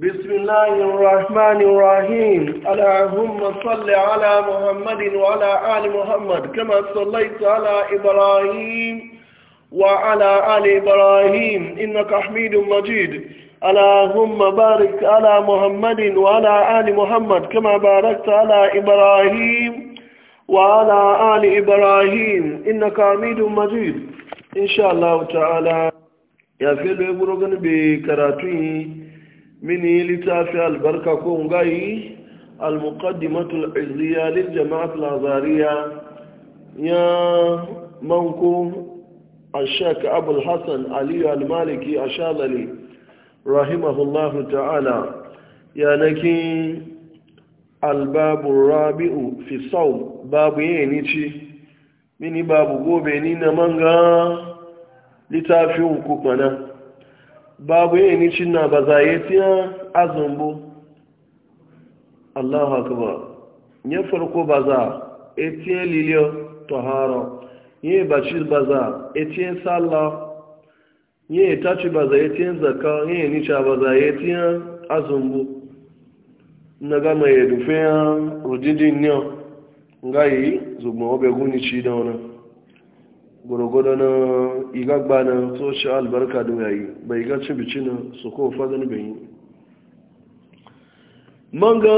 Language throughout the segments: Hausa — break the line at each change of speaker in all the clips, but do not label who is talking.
بسم الله الرحمن الرحيم اللهم صل على محمد وعلى آل محمد كما صليت على إبراهيم وعلى آل إبراهيم إنك حميد مجيد اللهم بارك على محمد وعلى آل محمد كما باركت على إبراهيم وعلى آل إبراهيم إنك حميد مجيد إن شاء الله تعالى يا فيلو يقولون بكراتين mini littafi albarka ko ngayi al-muqaddimatul izziya lil jama'at al-azariya ya manko a abul hasan aliyu al-maliki shalali rahimahullahu ta'ala ya naki albabu rabi'u fisau sawm babu yeni ci mini babu gobe ni na manga littafin kukwana babu yi ni na ba za yi fiya azumbu allahu akbar ya farko ba za etiye liliyo toharo yi baci ba za etiye sallah yi e taci ba za etiye zaka yi e nica ba za yi e fiya azumbu na gama ya dufe ya rudidin yau ga yi zugbon obegun ni ci da wani gwargwado na igagba na tsoci albarka da yayi bai ga cin bici na su ko fagani bai manga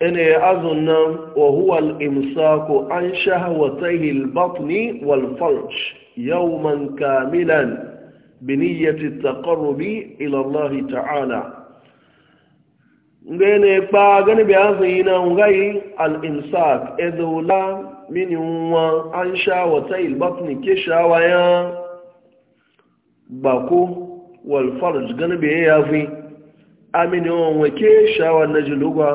ene azun nan wa huwa al-imsaku an shahawatayhi al-batni wal farj yawman kamilan bi niyyati at-taqarrubi ila Allah ta'ala ngai ne kpa gani bi an zai na ngai al imsak edola mini wa an sha wa tail batni ke shawaya bako wal farj gani bi ya fi amini on wa ke shawa na jilugwa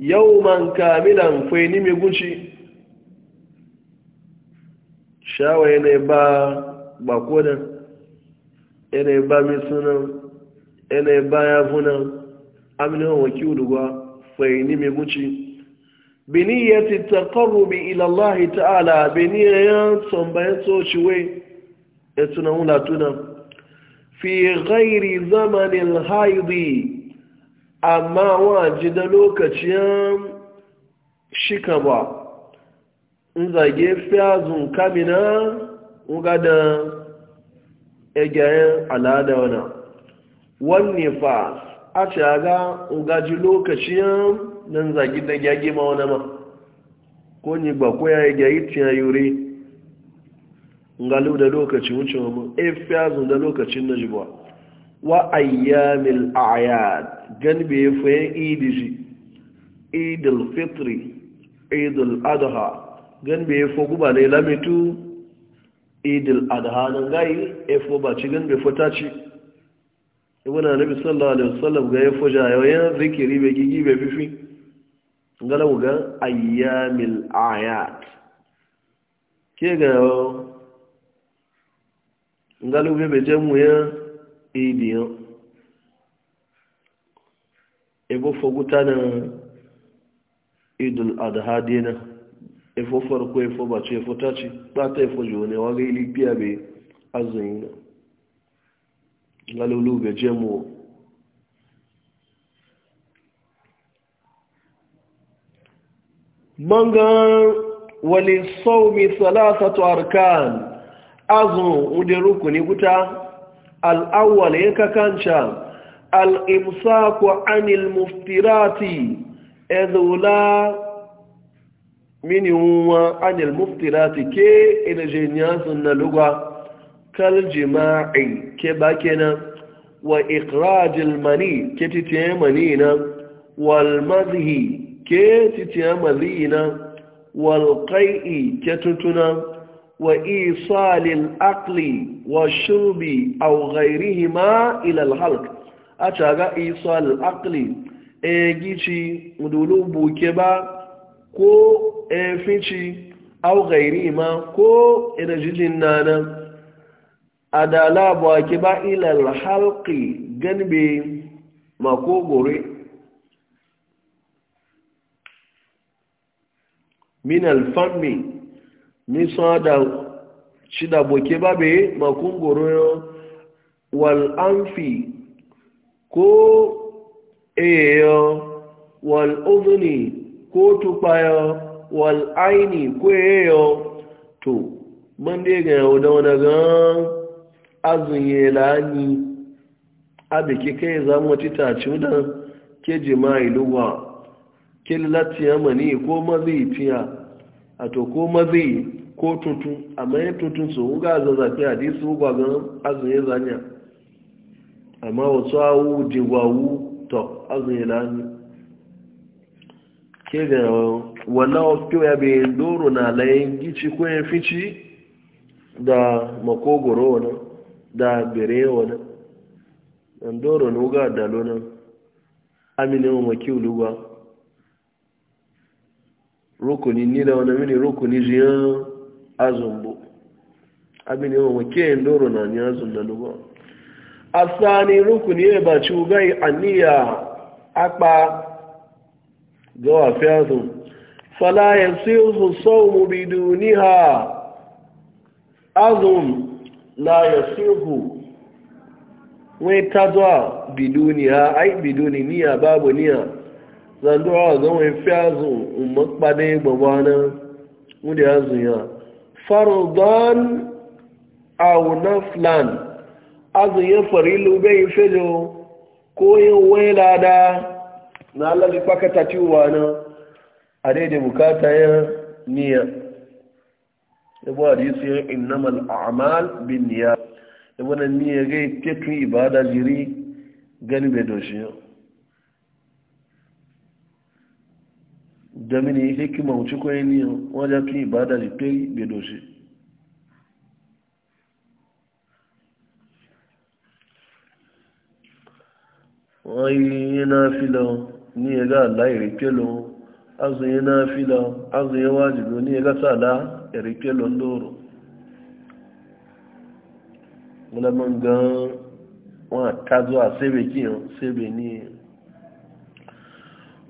yawman kamilan fai ni mi guci shawaye ne ba bako nan ene ba misunan ene ba yafunan amina wakilu fai faini mai guci biniyati taqarrubi ila Allah ta'ala biniyan sombayan sociwe ya tuna wula tuna fi ghairi zamanin haidi amma wa ji da lokacin shika ba in zage fiyazun kamina wuga da egayen al'ada wana wani fas a ce ga lokacin nan zagi da gyage ma wani ma ko ni ba ko ya yi gyagi tiya yuri ngalu da lokacin wuce mu efe azun da lokacin na jibuwa wa ayyamil a'yad ganbe ya fayin idiji idil fitri idil adha ganbe ya fa guba ne lamitu idil adha nan gayi efo ba ci ganbe fata ci ibn na sallallahu alaihi wasallam ga ya fuja yayin zikiri be gigi be fifi ngalaba ga ayyamil ayat ke ga ngala be be jamu ya idiyo ebo foguta na idul adha dina efo farko efo bace efo tace ba ta efo jone wa ga ili be azumi na lalulu ga jemo mangan saumi salasatu arkan azu wudin rukuni guta al'awwal ya kakanca al'imsaku anil muftirati ezula mini anil muftirati ke ina sun na lugwa kaljima'i ke ba kenan wa ikrajil mani ke titiye mani na wal ke titiye mazihi na walƙai'i ke tutuna wa isalil akli wa shurbi aw ghayrihima ila al halq ataga isalil aqli e gici mudulu buke ba ko e fici aw ma ko e ina nanan adala ba ke ba ilal halki ganbe makogore min alfammi nisa da shida boke babe makogoro wal amfi ko eyo wal udhni ko tupayo wal aini ko eyo to mande ga yau da wani azunye lani ke kai za mu ci taci da ke jima'i luwa ke latiya mani ko mazi tiya a to ko mazi ko tutun amma ya tutun su ga zazzafi hadisu gwagon azunye zanya amma wasu awu jigwawu to azunye ke ga wannan ofiyo ya bayan doro na layin gici ko yin fici da makogoro wani da bere wani ɗan doro na wuga da lonan amina wa maki uluwa rukuni ni da wani mini rukuni jiyan azumbo amina wa maki yin doro na ni azum da A sani, rukuni ya ba ci wugai aniya akpa gawa fi azum fala yansu yin sau mu biduniha azum la yasihu wai ta zuwa biduniya ai biduni niya babu niya zanduwa ga wai fiyazu umar kpade gbagwana wadda ya farudan auna flan azuye farilu bai fejo ko yin waila da na lalipakata ciwa na a daidai bukata ya niya yabo hadisi ya innamal a'mal bin niyyat Ibu nan ni ya gai ketu ibada jiri gani bai doshi da mini hikima wuce ko yin niyan wajen tun ibada jiri bai doshi Wani yí yín náà fi lọ ní ẹgbẹ́ àláìrí pé lọ́wọ́ azunye na fila azunye wajibi ni ya gasa da ya rike londoro wulaman gan wa ta zuwa sebe kiyan sebe ni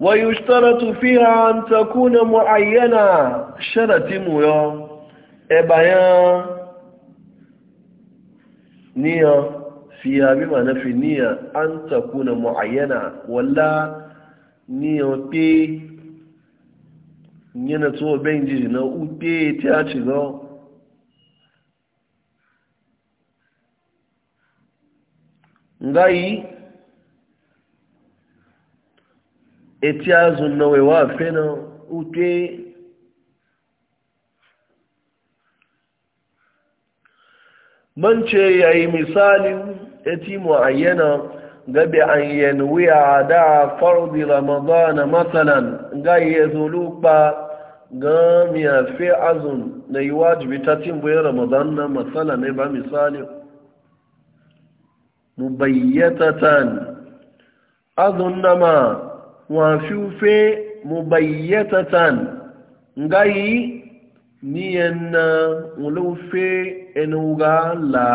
wa yi shtaratu fiha an takuna mu'ayyana sharati mu yo e bayan niya fiya bi ma na fi niya an takuna mu'ayyana wala niya pe yana tsohon benji na upe ta ci zo ngayi eti azun na wewa fe na upe man ce yayi misali eti muayyana gabe an yanwiya da farbi ramadana matsalan ga iya zulupa ga miyafe azun na yi wajibi ta cin bayan ramadan na matsala ne ba misali mubayyatatan azun na ma wafiufe mubayyatatan ga yi niyan na wulufe enuga la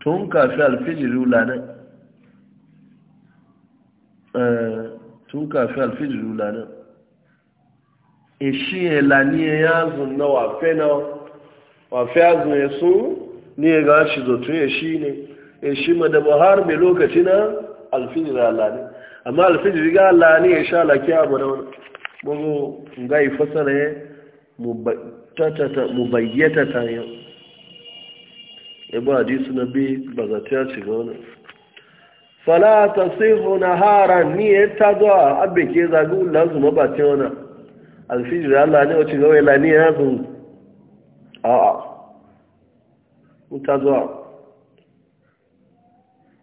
tun kafi alfijirula ne tun kafin alfijir lula nan ishi e ela ni ya zun na wafe na wafe ya zun ya sun ni ya gashi zotun ya shi ne ya e ma madaba har mai lokaci na alfijir ala ne amma alfijir ga ala ne ya sha laki abu na wani gbogbo ga yi fasara ya mubayyata ta yau ya e ba hadisi na bi ba za ta ci ga wani fala ta sihu na hara ni ya ta zuwa abin ke zagu ulan su mabace wani alfijir allah ne wacin gawai lani ya zun a'a ta zuwa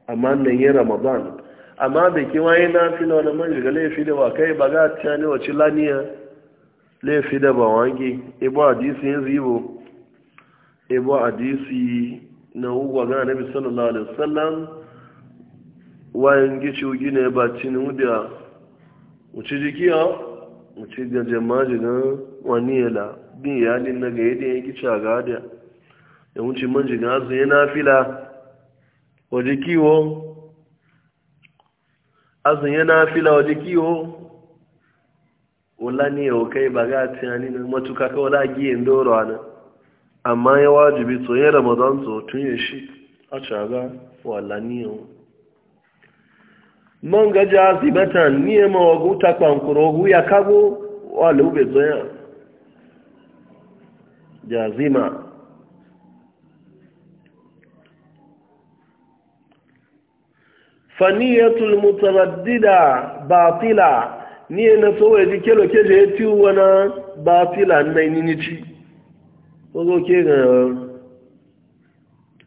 amma nan yi ramadan amma da ke waye na fi na wani man shiga laifi da ba kai ba ga ta ne wacin lani ya laifi da ba wange ibo hadisi yin zibo ibo hadisi na ugwa ga nabi sallallahu alaihi wasallam wayan gici ugi ne ba cini wuda wuce jiki ya wuce da jamaji na wani yala bin yalin na ga yadda ya gici a gada ya wuce man jiga azu yana fila waje kiwo azu yana wala ne ya kai ba ga tunani na matuka ka wala giyin doro ana amma ya wajibi tsoye ramadan to tunye shi a caga wala ne yau manga jazibatan niye mawagu takwankuro ya kago wale ube zoya jazima faniyatul mutaraddida batila niye na sowe dikelo keje ti wana batila nai ninichi ogo ke ga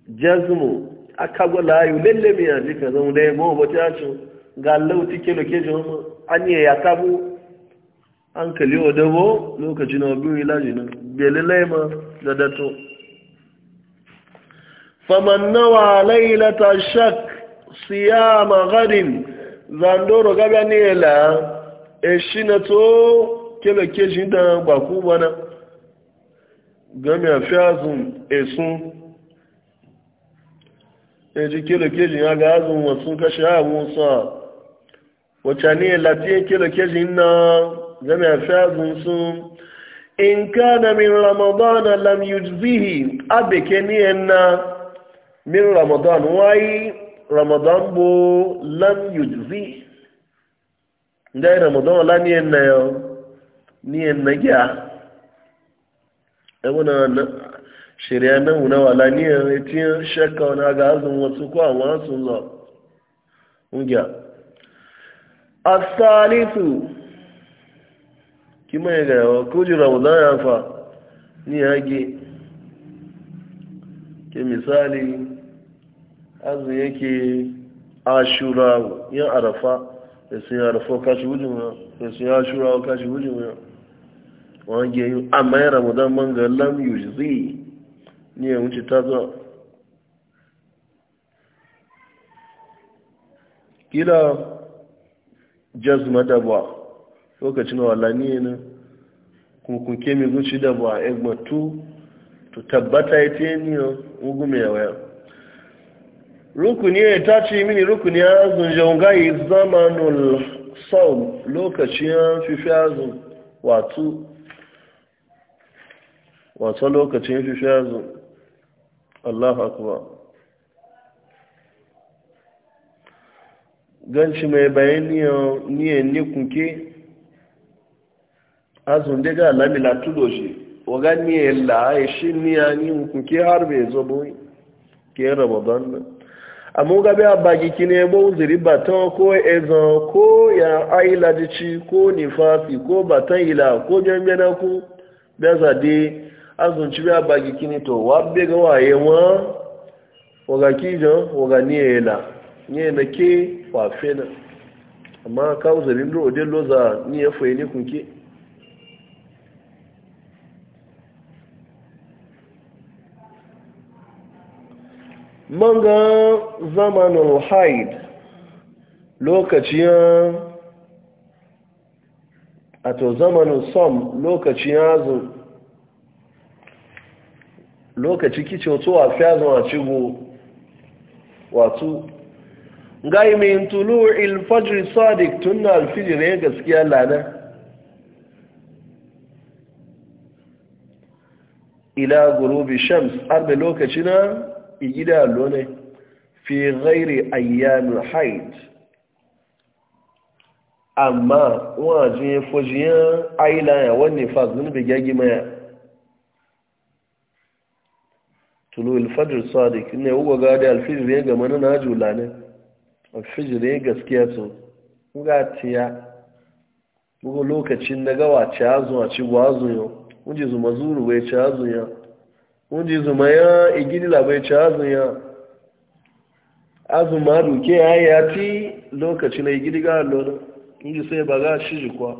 jazmu akago la yu lelle mi ajika zo de mo bo ta chu ga ti ke lokeji mu, an yi ya tabu an kali wa dabo lokaci na biyu, ilaji na belilai ma da dato faman nawa lailata shak siya magarin zandoro gaba ne la e shi na to ke lokeji da gbaku bana gami a fiyazun esun e ji ke lokeji ya ga azun wasu kashe abu sa wacce ne lafiyan kilo keji na jami'a shazun sun in kana min ramadana lam yujzihi abeke niile na min ramadan wai ramadan bo lam yujzi ndai ramadan ala niile na ya ne na gya ebuna shirya nan wuna wala ne ya tiyan shakka wani ga azun wasu ko amma sun zo ungiya asalisu kima ya gaya kuji ramadan ya fa ni hage ke misali azu yake ashura yan arafa da sun arafa kashi wujin ya da sun kashi wujin ya wange yi amma ya ramadan man ga lam yujzi ni ya wuce ta zo kila jazma da ba lokacin wala ni ne kuma kun ke mi guci da ba egma tu to tabbata ya te ni ugume ya waya rukuni ya tace mini rukuni ya azun jaungayi zamanul saum lokacin fifi azun wato wato lokacin fifi azun allah akbar ganci mai ni niyan ni kunke azun daga lamila tudo shi waga niyan la'ayi shi niyan ni kunke har bai zo bai ke ramadan nan amma gabe a bagi kine bo ziri batan ko ezan ko ya aila dici ko nifasi ko batan ila ko jami'ana ku da zade azun ci a bagi kine to wa be ga waye wa waga kijo waga niyan la niyan ke kwafe na amma kawo zarin ro de loza ni ya fayi ne kunke manga zamanin haid lokacin a to zamanin som lokacin yazin lokaci kice tsohon a fiyazin cigo wato gai min tulu'il fajr sadiq tunna alfijir ya gaskiya lana ila gurubi shams arda lokaci na igida lone fi ghairi ayyamin haid amma wajen ya ailaya wani fasin bigagi maya tulu'il fajr sadiq ne uwa gada alfijir ya gama na julane fijire gaskiya su tiya bugu lokacin na gawa ci azu a ci gwazu yau kunji zuma zuru bai ci azu ya unji zuma ya igidila bai ci azu ya azu ma duke ya yi ya ti lokacin na igidiga lona kunji sai ba ga shi jikwa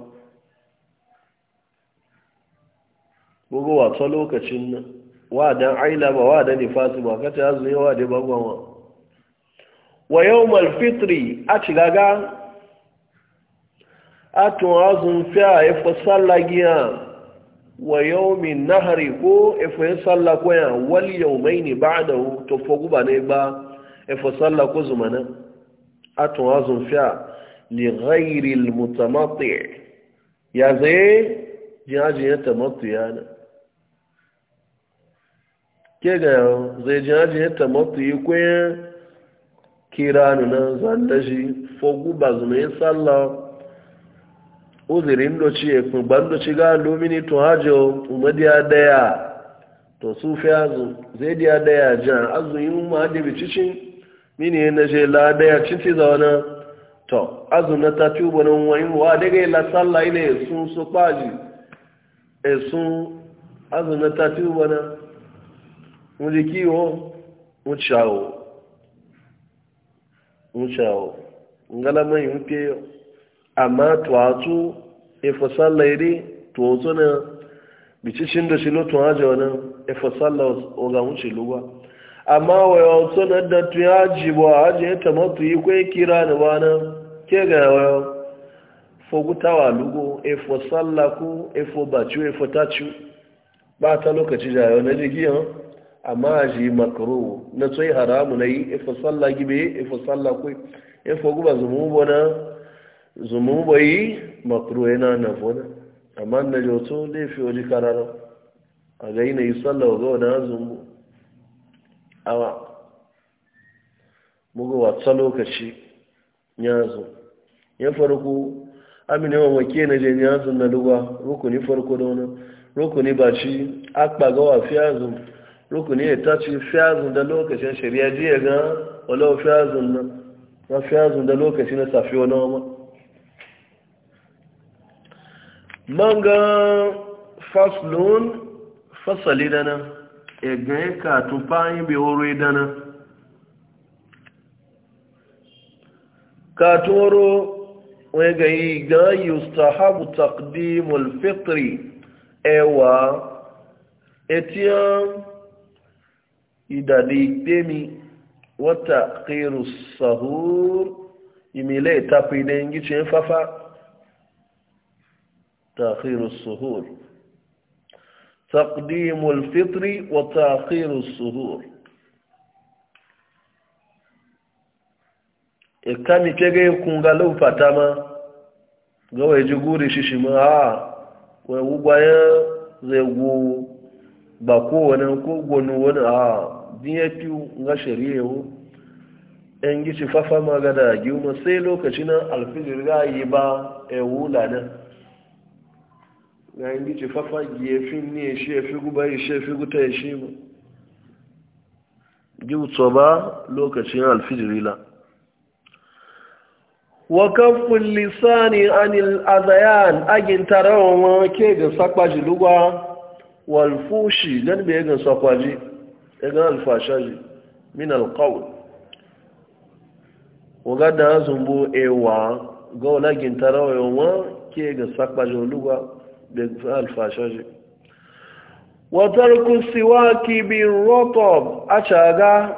bugu wata lokacin na wadan aila ba wadan nifasi ba kata azu ya ba bagwanwa wa yau fitri a cigaga a tun azun fi a efe sallagiya wa yawmin nahari ko efe sallakoya wal mai ne ba da to foguba ne ba efe sallako zumana a tun azun fi a lighairil mutamati ya zai jinajiyan tamatu yana ke ga zai jinajiyan tamatu yi kwayan kiranu na zanda shi fogu ba zumayin sallah uzirin doci ya kurban doci ga lomini to hajjo umadiya daya to su fi azu zai diya daya jan azu yi mu hajji bi mini na je la daya cici zaune to azu na ta tuba na wani wa daga la sallah ile esun su kwaji esun sun azu na ta tuba na mu jiki mu ciyawo wucewa ngalama yi wuce amma tuwatsu ifasalla iri tuwatsu na bicicin da shi lotun haji wani ifasalla oga wuce luwa amma waya wasu na da tuya jibo a haji ya tamatu yi kwai kira da wani ke ga waya fogutawa lugo ifasalla ku ifobaciu ifotaciu ba ta lokaci jayo na jigi amma ji makaro na tsoyi haramu na yi ifa tsalla gibe ifa tsalla kwai ifa guba zumubo na zumubo yi makaro yana na fona amma na joto fi waje karara a ga yi na yi tsalla ga na zumbo awa muga watsa lokaci yazo ya farko amina wa wake na jen yazo na lugwa rukuni farko da wani rukuni ba ci akpa gawa wafi yazo rukuni ya tashi fiyazun da lokacin shari'a jiya ga walau fiyazun nan na fiyazun da lokacin na safi wani wama man ga faslun fasali dana egan ya katun fayin bai horo dana katun horo wani ga yi ga yustahabu taqdimul fitri ewa etiyan idade temi wata kairu sahur imile tafi da yin fafa ta kairu sahur taqdimul fitri wa ta'khiru suhur e kami kege kunga lo fatama gawe jiguri shishima a we ugwaye zai wani ko dfp nga shari'a yau yan gici fafa magana gima sai lokacin alfijir ga yi ba ewu lana na yan gici fafa gefin ne shi ya e fi guba ya e shi ya e fi guta ya shi ba giwuto ba lokacin alfijir la wakafin lisani anil azayan agin tarawon ke ga sakwaji lugwa walfushi gan bai ga sakwaji daga alfashaji min alqawl waga da zumbu ewa ga olagin tarawa wa ke ga sakpa luwa da alfashaji wa tarku siwaki bi rotob achaga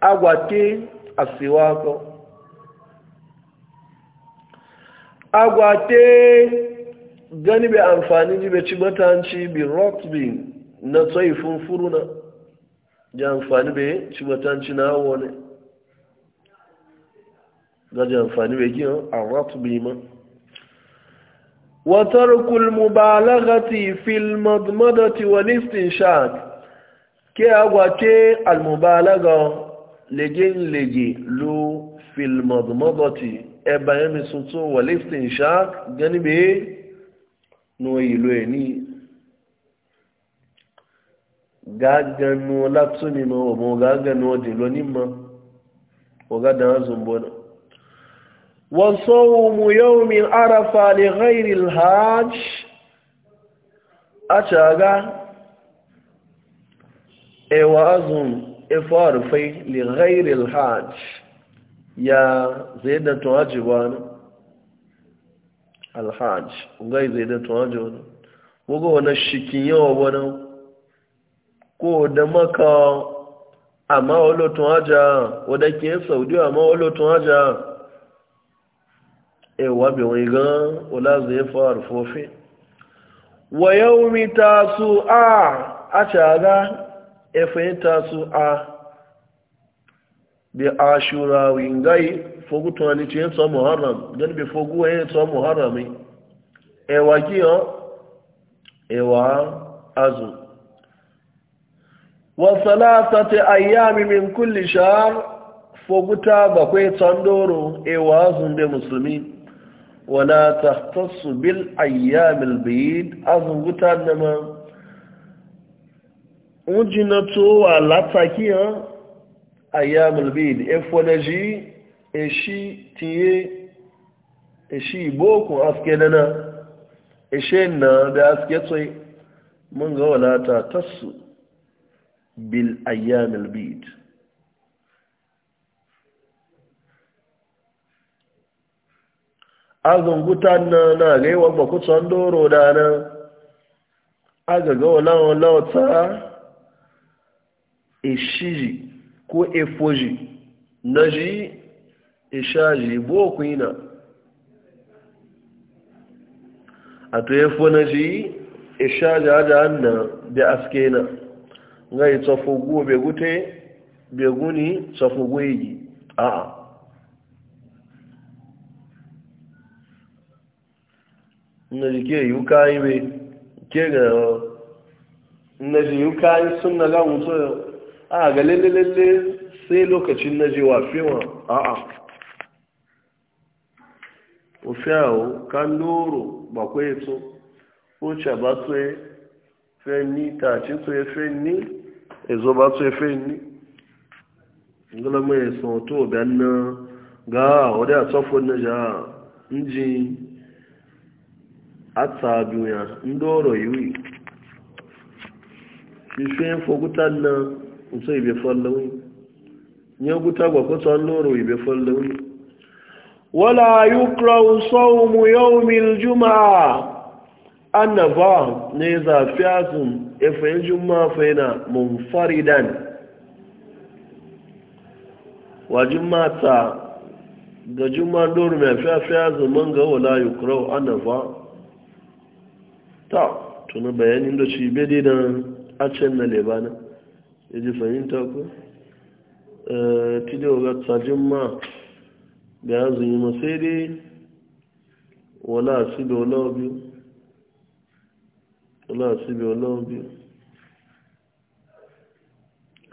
agwate asiwako agwate gani be amfani ji be cibatanci bi rotbin na tsoifin furuna ji amfani bai cibatanci na wani gaji amfani bai gina a ratu bai ma watarkul mubalagati fil madmadati wa listin shark ke agwace almubalaga legin legi lo fil madmadati ẹba e yẹn mi sun tún wa listin shark gani bai n'oyi lo e ẹ ni gagano lapsuni ma omo gagano diloni ma ga da zumbona wa sawmu yawmi arafa li ghayri al-hajj achaga e wa azum e farfai li ghayri al-hajj ya zaidatu na, al-hajj ngai to wajiban wogo na shikin yawa wannan ko da maka amma olotun aja wadda ke saudi amma olotun aja e wabe wani gan wala zai fara fofe wa yau mi tasu a a caga efe tasu a bi ashura wingai fogu tunani ce yansa muharram don bi fogu wa yansa muharrami ewa kiyo ewa azu wa salatati ayyami min kulli shahr foguta bakwai tsandoro e wazun da musulmi wala tahtassu bil ayyamil bid azun guta nama ujina to wa lataki ha ayyamil bid e fonaji e shi tiye e shi boko aske dana e shenna da aske tsaye mun ga wala ta tasu bil ayyamil bid azungutan na na gaiwa bakutan doro da nan agaga olawon lauta ishiji e ko efoji na ji ishaji e bokwina a to fo na ji ishaji e aja anna da na. ngai tsofugu be gute be guni tsofugu yi a a na jike yi be ke ga na ji yi kayi sun na a ga lalle lalle sai lokacin na ji wa fiwa a a ofiyawo kan loro bakwai so ko ce ba so fe ni ta ce so ya fe ni ezo ba tso efe ni ngala mo esan to be na ga o de atofo na ja nji ata duya ndoro yiwi fife foguta na nso ibe fallawi nye guta gwa ko tso ndoro ibe fallawi wala yukrahu sawmu yawmil jumaa annaba ne zafiya sun efayin mafai na munfaridan wajen mata ga juma doru mai fiya-fiya zaman ga wala yukurau annaba ta tuna bayanin da shi bedi na acen na lebanon ya ji fahimta ku tidewa ga tsajin ma ga yanzu yi masai dai wala su da wala biyu ọlọ́ọ̀síbi ọlọ́run bí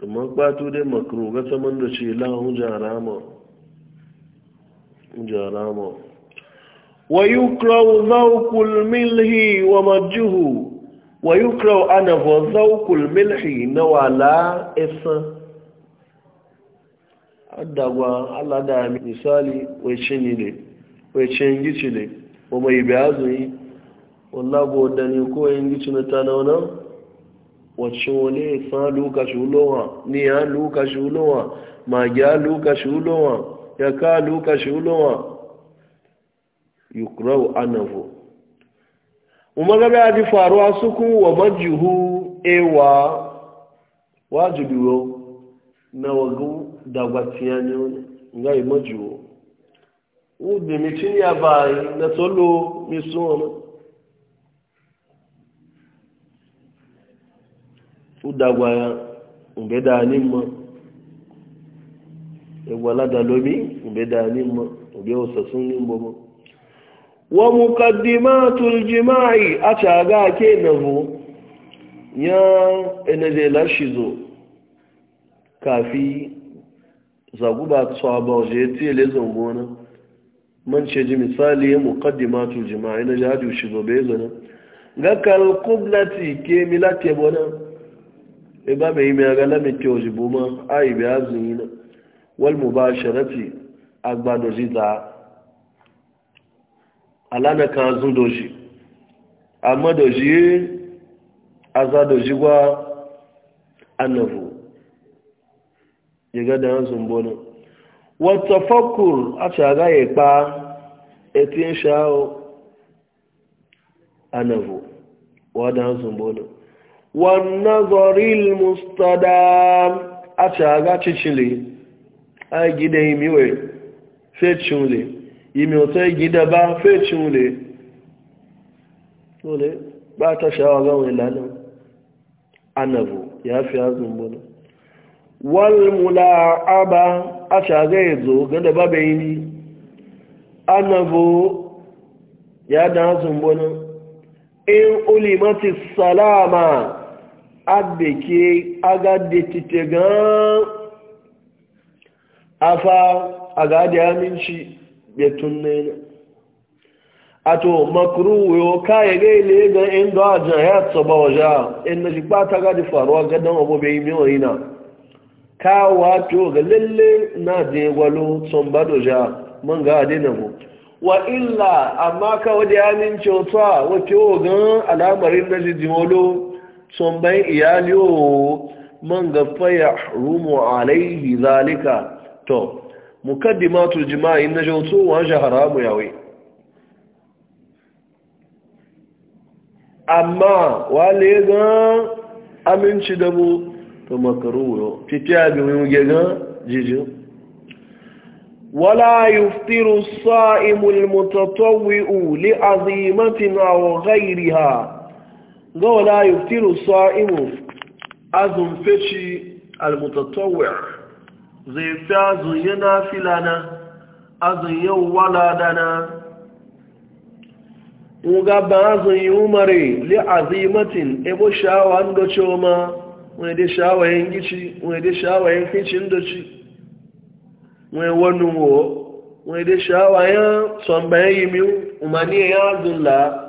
amma kwato dai makaru ga saman da mọ̀ lahun jarama jarama wa yukrau zaukul milhi wa majuhu wa yukrau anafa isa alada misali wai cin ne wai cin gici ne wa wala bo dani ko yin gici na ta na wana wacce wale fa luka shulowa ni ya luka shulowa ma ya luka shulowa ya ka luka shulowa yukrau anahu umaga ba ji faruwa suku wa majuhu ewa wajibi wo na wagu dagwatiyani ngai majuhu udimi chini ya bai na solo misona udagwaya mgbe da anyị mma egwaladalomi mgbe da anyị mma mgbe osasun ni mgbomo wa muqaddimatul jima'i a caga ke nahu ya enaje lashizo kafi zaguba tsaba waje tele zangona man ce ji misali ya muqaddimatul jima'i na jaju shizo bezana ga kal qiblati ke milate bonan e ba mai mai ga lamin ke oji boma a yi biya zuyi na wal mu ba sharafi gba ji za a kan zun doji amma doji aza doji gwa annabu ya ga da yanzu bona wata fakur a shaga ya kpa etin sha'o annabu wa da yanzu bona والنظر المستدام أشاغا تشلي أي جدا يميوي فيتشولي يميوتي جدا با فيتشولي ولي با تشاغا ويلانا أنبو يا في هذا المبنى والملاعبة أشاغا يزو جدا با بيني أنبو يا دانس المبنى إن ألمت السلامة abeke agade tite gan afa agade aminci betun nena ato makru yo kaya ga ile ga in da ajan ya tsaba waja in na shi bata gadi faruwa gadan abubuwa yi miyo ina ka wa wato ga lalle na walo gwalo son bado ja nga ga na mu wa illa amma ka wajen aminci wata wato gan al'amarin na jijimolo sun bai iyali o man ga faya rumu alaihi zalika to mukaddimatu jima'i na jautu wa mu yawe amma wale gan aminci da mu to makaru yo fitiya bi mu ge gan jiji wala yuftiru sa'imul mutatawwiu li 'azimatin aw ghayriha gola yuftiru sa'imu azun feci almutatawwi' zai fi azun yana filana azun yau wala dana uga ba azun yi umare li azimatin ebo shawa ndo choma wani dai shawayen gici wani dai shawayen ficin doci wani wani wo wani dai shawayen tsambayen yimiu umani ya azun la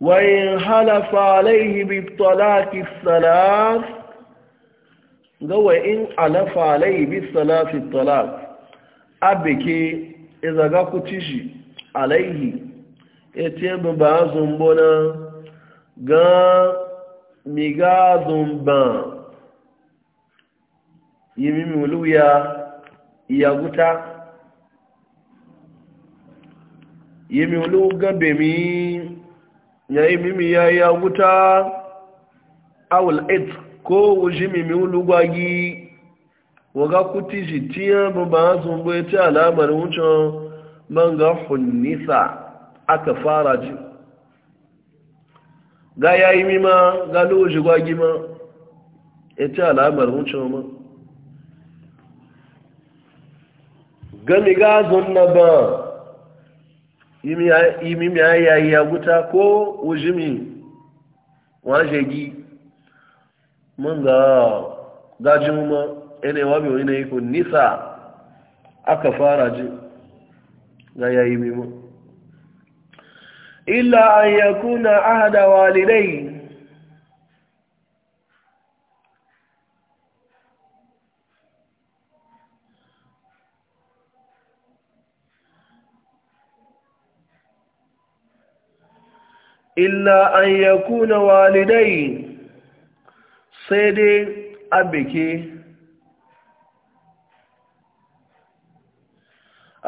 وإن حلف عليه بالطلاق الثلاث وإن حلف عليه بالثلاث الطلاق أبكي إذا قاكتشي عليه إتيب بعضهم بنا قام ميقاضهم بان يميمي ولويا يغتا يميولو غبمي ya yi mimi ya yi ya wuta awul it ko wuji mimi ulugwagi waga kuti ji tiya ba zumbu ya ce alamar wucin man ga hunnisa aka fara ji ga ya yi mima ga luji gwagi ma ya ce alamar wucin ma gami gazon na ba imi mi ya wuta ko ujimi waje gi mun ga dajin ma ene wabi wani wani ko nisa aka fara ji ga yayi mu illa an yakuna ahada walidai illa an ya kuna walidai sai dai abike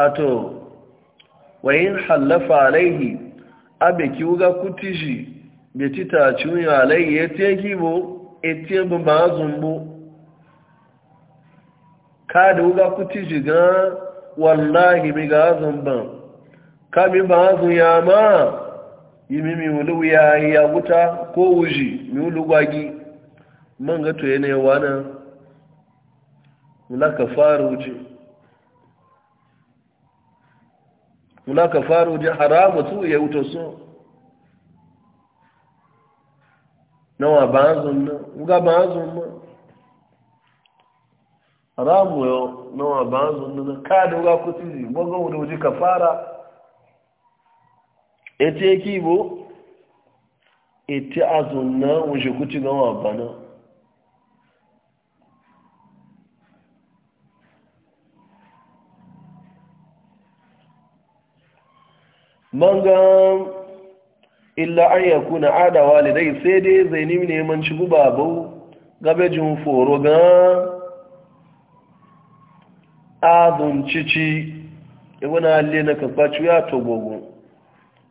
ato wayin hallafa alaihi abike wuga kutishi da ta cunya alaihi ya teki bo etiye bu ba zumbu ka da wuga kutishi ga wallahi bi ga zumban ka bi ba ya ma yimi miulu ya wuta ko wuji wulu gwagi man ga to yana wana mulaka faru wuji mulaka faru haramu tu ya wuta so nawa bazun na ga bazun na haramu yo nawa ba na ka da ga kuti bogo da wuji kafara ete ki bo ete azunna wuce kuci gama bana manga illa an yakuna ada dai sai dai zaini ne man ci guba bau gabejin foro ga azun cici ibn ali na kafaci ya togogo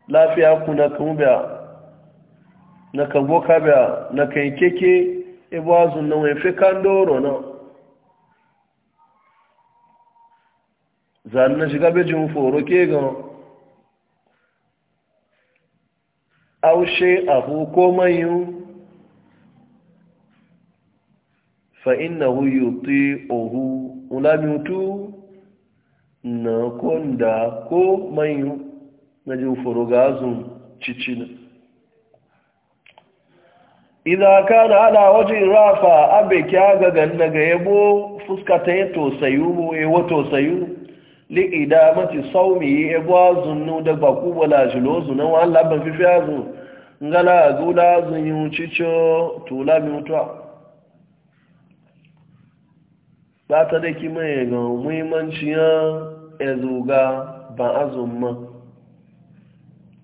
lafiya ku na kan biya na kan boka biya na kan keke ibazun e na wani kandoro na zan na shiga bejin foro ke gan aushe abu ko manyan fa'innahu yuti ohu ulamitu na kunda ko na ji uforo ga azun cicina na ka na ala wajen rafa abe kya gagan daga yabo fuskata ya tosayu ya wa tosayu liƙida mati saumi ya yabo azun nu da baku wala shilozu na wani labar fifi azun ngala gula azun yi cicio tula mutuwa ba bata da kima ya ga muhimmanci ya ezuga ba azun man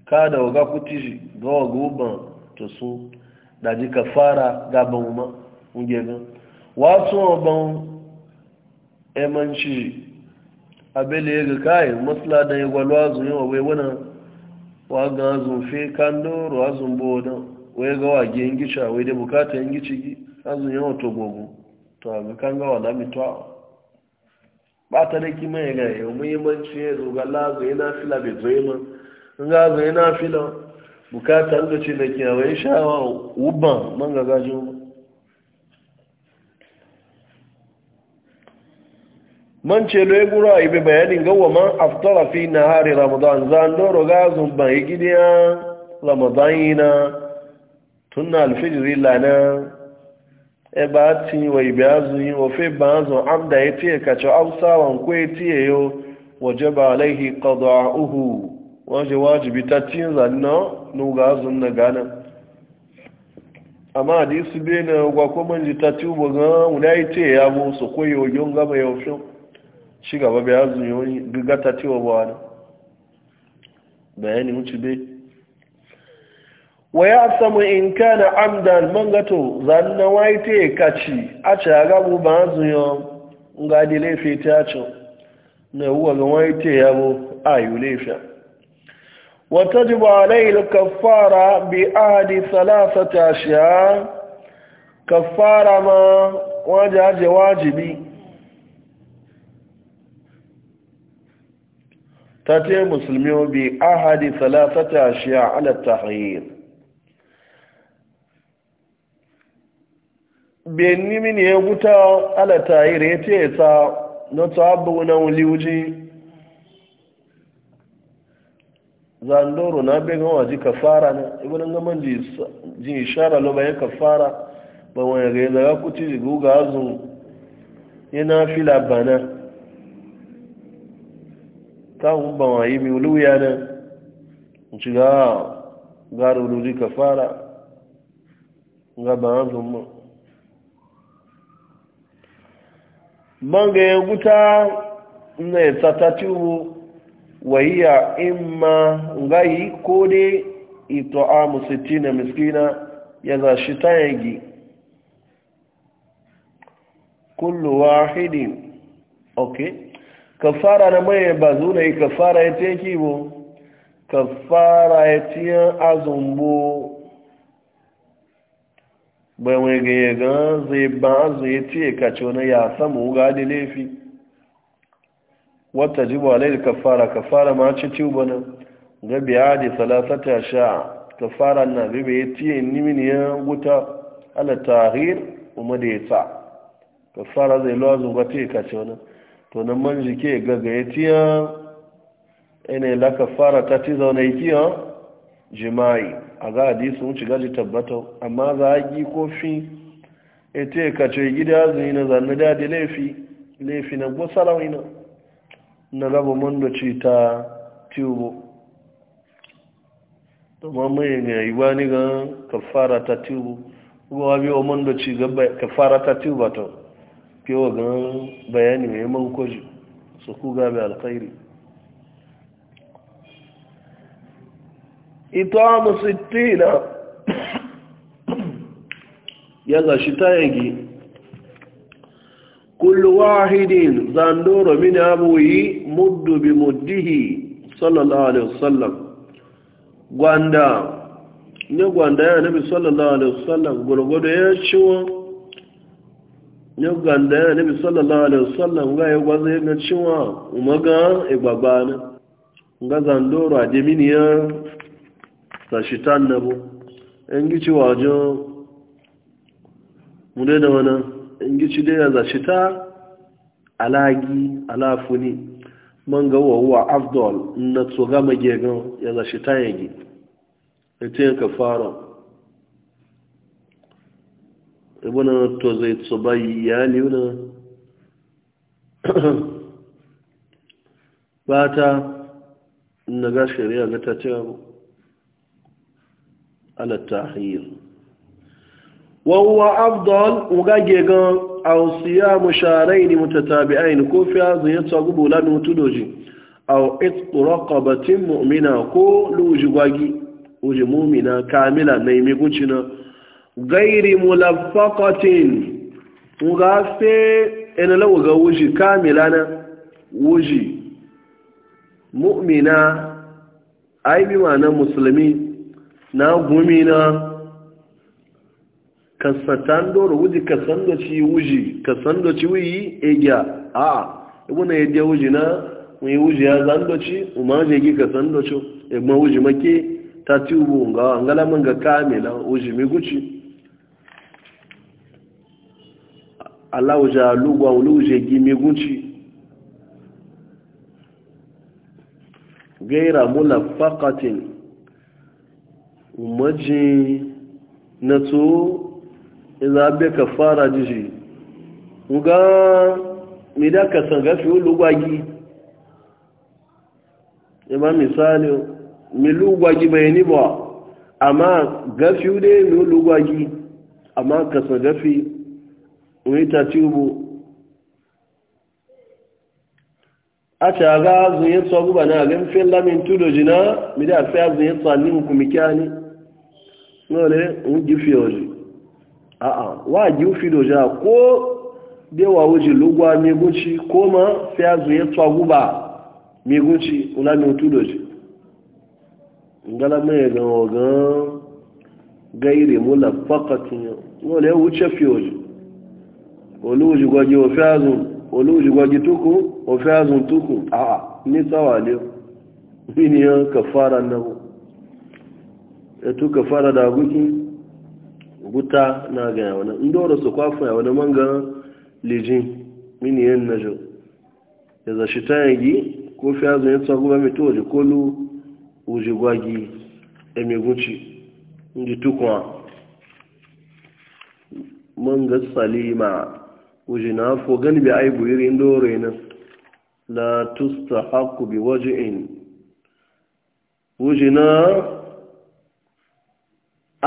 kada waga kuti ga waga uban to su da ji fara gaban ma unge wasu oban emanci abele ya ga kai masla da yi gwalwa azun yawa wai wani waga azun fe kandoro azun boda wai ga ya yin gisha wai de bukata yin gici azun yawa to gogo to a kan gawa lami to ba ta da kima ga yau muhimmanci ya zo ga yana fila zo yi nga zai na fila bukatar da ce da kyawai sha'awa uban man gagajin man ce lo gura a ibe bayanin gawa man aftara fi na hari ramadan zan doro gazun ban yi gidiya ramadan yi na tun na alfijiri lana ebe a ti wa ibe azun yi wafe ba azun amda ya tiye kacce ausawan kwe tiye yo wajaba alaihi qada'uhu waje wajibi ta cin zanna nuga zun na gana amma hadisi bai na gwakwa manji ta ci ga wuna yi ce ya bu su koyi wa yin gaba ya shi gaba bai azun yi giga ta ci ba wani bayani wuce bai wa ya samu in kana amdan mangato zanna wai te kaci a ci a gabu ba azun yi ga di laifi ta ci na huwa ga wai te ya bu a yi laifin وتجب عليه الكفارة بأهد ثلاثة أشياء كفارة ما وجه واجبي تاتي مسلمي بأهد ثلاثة أشياء على التحيير بيني من يغتا على التحرير يتيسا نتعبونا وليوجي doro na bai gan waje kafara na nan gaman ji ji ishara lo bayan kafara ba wani ga zaga kuti ji guga azun yana fila bana ta hun ba wa yi miwulu ya na ci ga garu ka kafara ga ba azun ma man ga ya guta na ya tsata tubu wahiya imma ngayi ko dai ito amu sittina miskina ya za shi ta yagi kullu wahidin ok kafara na mai ba zuna yi kafara ya ce kibo kafara ya azumbu azumbo bai wani ga yaga zai ba na ya samu ga da wata jibo alayhi kafara kafara ma ci ci bana ga biya da salasata sha kafara na bibe ya tiye nimini ya wuta ala tahir kuma da ya ta kafara zai lo ba ta ka kace wani to nan man jike gaga ya tiya ina la kafara ta ci ya ikiya jima'i a ga hadisi mun ci gaji tabbata amma za a yi kofi e ita ya kace gida zai na zanna da laifi laifi na ina. na raba ci ta tubo domin mai yayi ni ga kafara ta tubo o biyo ci ga kafara ta tubo ta kewa ga bayani mai mankoji su ku gabe alkhairi ita musittina ya shi ta yagi كل واحد زندور من أبوه مد بمده صلى الله عليه وسلم غواندا ne gwanda ya nabi sallallahu alaihi wasallam gurgudu ya ciwo ne gwanda ya nabi sallallahu alaihi wasallam ga ya gwaza ya ciwa umaga igbagba na ga zandoro a jiminiya sashitan na bu yan gici wajen mu da wani ngici da za zaci ta alagi alafuni man ga wawa afdol na tsoga magega ya zaci ta yagi ita yin kafara ibuna to zai tsoba ya wuna ba ta na ga shari'a ga ta ce alattahiyar wawa abdul ugage gan ausiya musharai ne mutatabi'ai ne ko fiya ziyarta gubu lami mutudoji au itraqabatin mu'mina ko luji gwagi uji mu'mina kamila na imi na. gairi mulaffaqatin uga fe ina lawa ga wuji kamila na wuji mu'mina ai bi na musulmi na gumina kasatando ruji kasando ci wuji kasando ci wi egya a ibuna yede wuji na mu wuji ya zando ci umaje gi kasando ci egma wuji make ta ti ubu nga ngala manga kamila wuji mi guci Allah wuja lugwa wuje gi mi guci gaira mula mulafaqatin umajin na tso. iza abe ka fara jiji nga mida ka sanga fi olugwagi ima e misali mi lugwagi bai ni ba amma gafi ne mi olugwagi amma ka sanga fi wani ta tubu a caga zunye tsogu ba na gan fi lamin tudo jina mida fi a zunye tsanni hukumikya ne nole un gifi oji a'a wa giufi doja ko dewa wuji lugwa meguci ko ma fiyazu ya tsawa guba meguci una mutu doji ngala mai ga ogan gaire mula fakatin wale wuce fiyoji oluji gwaji ofiyazu oluji gwaji tuku ofiyazu tuku a ni tsawa ne mini yan kafara na ku ya e tu kafara da gukin guta na gaya wani indoro su kwafa ya wani manga lijin mini yin na jo ya zashi ta yagi ko fi azun yin tsago ba mito waje kolu waje gwagi guci inda tukwa manga salima waje na afo gani bai aibu iri indoro yana la tusta haku bi waje in waje na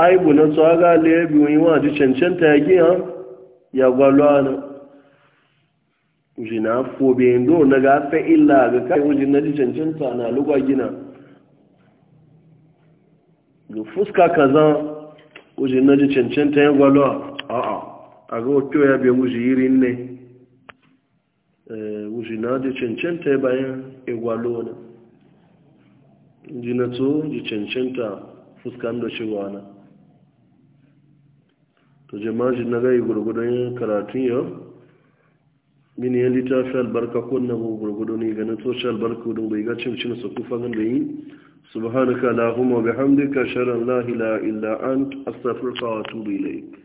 aibu na tsawa ga laibi wani wajen cancanta ya giya ya gwalwa na jina fobe ndo na ga fe illa ga kai wajen na ji cancanta na lugwa gina ga fuska kaza wajen na ji cancanta ya gwalwa a a ga wato ya bai wuji yiri ne eh, wuji na ji ya bayan igwalo na jina to ji cancanta fuskan da na to jama'a na gai gurgudun karatun yau mini yan littafi albarka ko na gurgudu ne ganin toshi albarka don bai ga cin su kufa gan da yi subhanaka lahumma bihamdika sharan la illa ant astafirka wa tubi laik